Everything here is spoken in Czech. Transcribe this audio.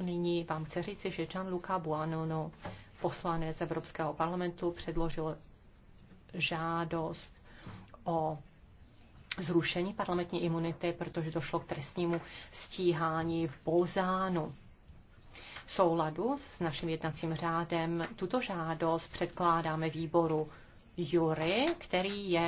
nyní vám chci říci, že Gianluca Buonono, poslanec Evropského parlamentu, předložil žádost o zrušení parlamentní imunity, protože došlo k trestnímu stíhání v Bolzánu. V souladu s naším jednacím řádem tuto žádost předkládáme výboru Jury, který je